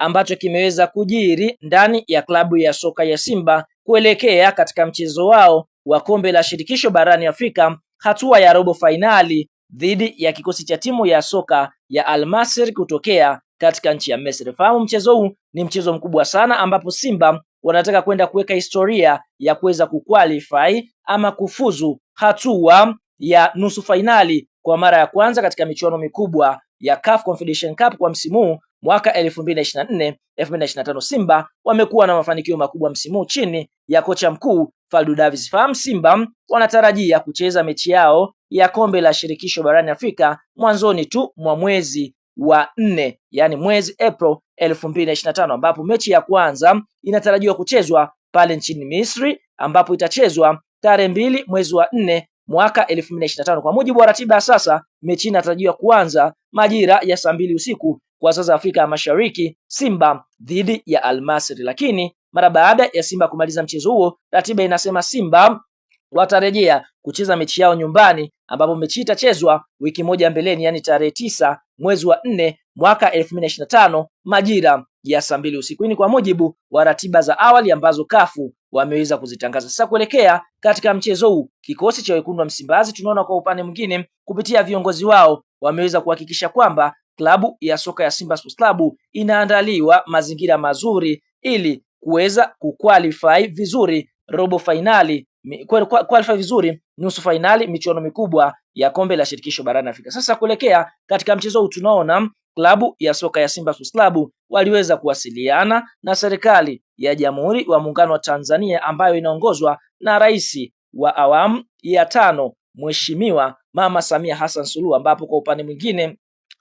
ambacho kimeweza kujiri ndani ya klabu ya soka ya Simba kuelekea katika mchezo wao wa kombe la shirikisho barani Afrika hatua ya robo fainali dhidi ya kikosi cha timu ya soka ya Al kutokea katika nchi ya Misri. Fahamu mchezo huu ni mchezo mkubwa sana, ambapo Simba wanataka kwenda kuweka historia ya kuweza kuqualify ama kufuzu hatua ya nusu fainali kwa mara ya kwanza katika michuano mikubwa ya CAF Confederation Cup kwa msimu Mwaka 2024 2025 Simba wamekuwa na mafanikio makubwa msimu chini ya kocha mkuu Faldu Davis. Fahamu Simba wanatarajia kucheza mechi yao ya kombe la shirikisho barani Afrika mwanzoni tu mwa mwezi wa nne, yani mwezi April 2025 ambapo mechi ya kwanza inatarajiwa kuchezwa pale nchini Misri ambapo itachezwa tarehe mbili mwezi wa nne mwaka 2025. Kwa mujibu wa ratiba ya sasa, mechi inatarajiwa kuanza majira ya saa mbili usiku kwa sasa Afrika ya Mashariki, Simba dhidi ya Almasri. Lakini mara baada ya Simba kumaliza mchezo huo, ratiba inasema Simba watarejea kucheza mechi yao nyumbani, ambapo mechi itachezwa wiki moja mbeleni, yaani tarehe tisa mwezi wa nne mwaka 2025 majira ya saa mbili usiku. Hii ni kwa mujibu wa ratiba za awali ambazo kafu wameweza kuzitangaza. Sasa kuelekea katika mchezo huu, kikosi cha wekundu wa Msimbazi tunaona kwa upande mwingine, kupitia viongozi wao wameweza kuhakikisha kwamba klabu ya soka ya Simba Sports Club inaandaliwa mazingira mazuri ili kuweza kuqualify vizuri robo fainali qualify vizuri nusu fainali michuano mikubwa ya kombe la shirikisho barani Afrika. Sasa kuelekea katika mchezo huu, tunaona klabu ya soka ya Simba Sports Club waliweza kuwasiliana na serikali ya Jamhuri wa Muungano wa Tanzania ambayo inaongozwa na rais wa awamu ya tano Mheshimiwa Mama Samia Hassan Suluhu, ambapo kwa upande mwingine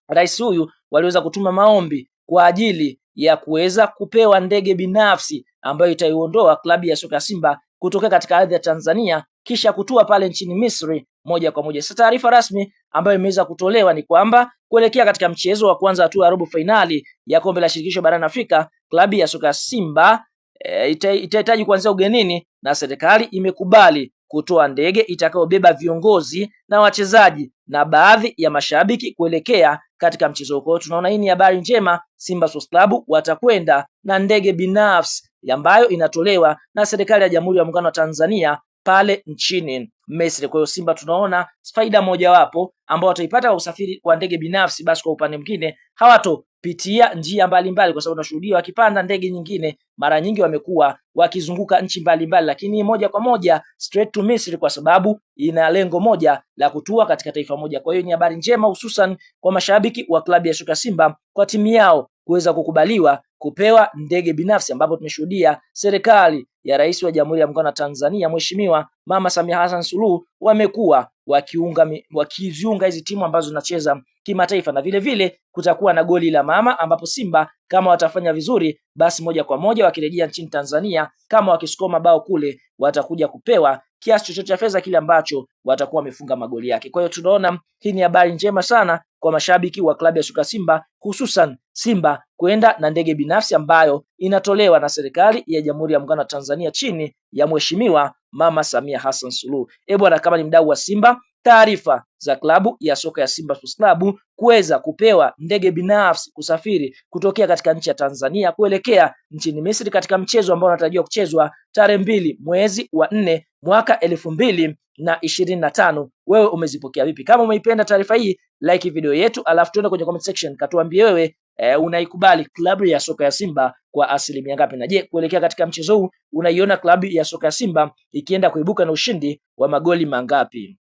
rais huyu waliweza kutuma maombi kwa ajili ya kuweza kupewa ndege binafsi ambayo itaiondoa klabu ya soka ya Simba kutoka katika ardhi ya Tanzania kisha kutua pale nchini Misri moja kwa moja. Sasa taarifa rasmi ambayo imeweza kutolewa ni kwamba kuelekea katika mchezo wa kwanza hatua ya robo fainali ya kombe la shirikisho barani Afrika, klabu ya soka Simba e, itahitaji kuanzia ugenini na serikali imekubali kutoa ndege itakayobeba viongozi na wachezaji na baadhi ya mashabiki kuelekea katika mchezo huo. Tunaona hii ni habari njema, Simba Sports Club watakwenda na ndege binafsi ambayo inatolewa na serikali ya Jamhuri ya Muungano wa Tanzania pale nchini. Misri. Kwa hiyo Simba tunaona faida mojawapo ambao wataipata kwa usafiri wa ndege binafsi, basi kwa upande mwingine hawatopitia njia mbalimbali mbali, kwa sababu tunashuhudia wakipanda ndege nyingine mara nyingi wamekuwa wakizunguka nchi mbalimbali mbali, lakini moja kwa moja straight to Misri kwa sababu ina lengo moja la kutua katika taifa moja. Kwa hiyo ni habari njema hususan kwa mashabiki wa klabu ya soka Simba kwa timu yao kuweza kukubaliwa kupewa ndege binafsi ambapo tumeshuhudia serikali ya Rais wa Jamhuri ya Muungano wa Tanzania Mheshimiwa Mama Samia Hassan Suluhu wamekuwa wakiunga wakiziunga hizi timu ambazo zinacheza kimataifa, na vile vile kutakuwa na goli la mama, ambapo Simba kama watafanya vizuri, basi moja kwa moja wakirejea nchini Tanzania, kama wakisukoma bao kule, watakuja kupewa kiasi chochote cha fedha kile ambacho watakuwa wamefunga magoli yake. Kwa hiyo tunaona hii ni habari njema sana kwa mashabiki wa klabu ya soka Simba, hususan Simba kwenda na ndege binafsi ambayo inatolewa na serikali ya Jamhuri ya Muungano wa Tanzania chini ya Mheshimiwa Mama Samia Hassan Suluhu. E bwana, kama ni mdau wa Simba, taarifa za klabu ya soka ya Simba Sports Club kuweza kupewa ndege binafsi kusafiri kutokea katika nchi ya Tanzania kuelekea nchini Misri katika mchezo ambao unatarajiwa kuchezwa tarehe mbili mwezi wa nne mwaka elfu mbili na ishirini na tano. Wewe umezipokea vipi? Kama umeipenda taarifa hii, like video yetu, alafu tuende kwenye comment section, katuambie wewe e, unaikubali klabu ya soka ya Simba kwa asilimia ngapi? Na je, kuelekea katika mchezo huu unaiona klabu ya soka ya Simba ikienda kuibuka na ushindi wa magoli mangapi?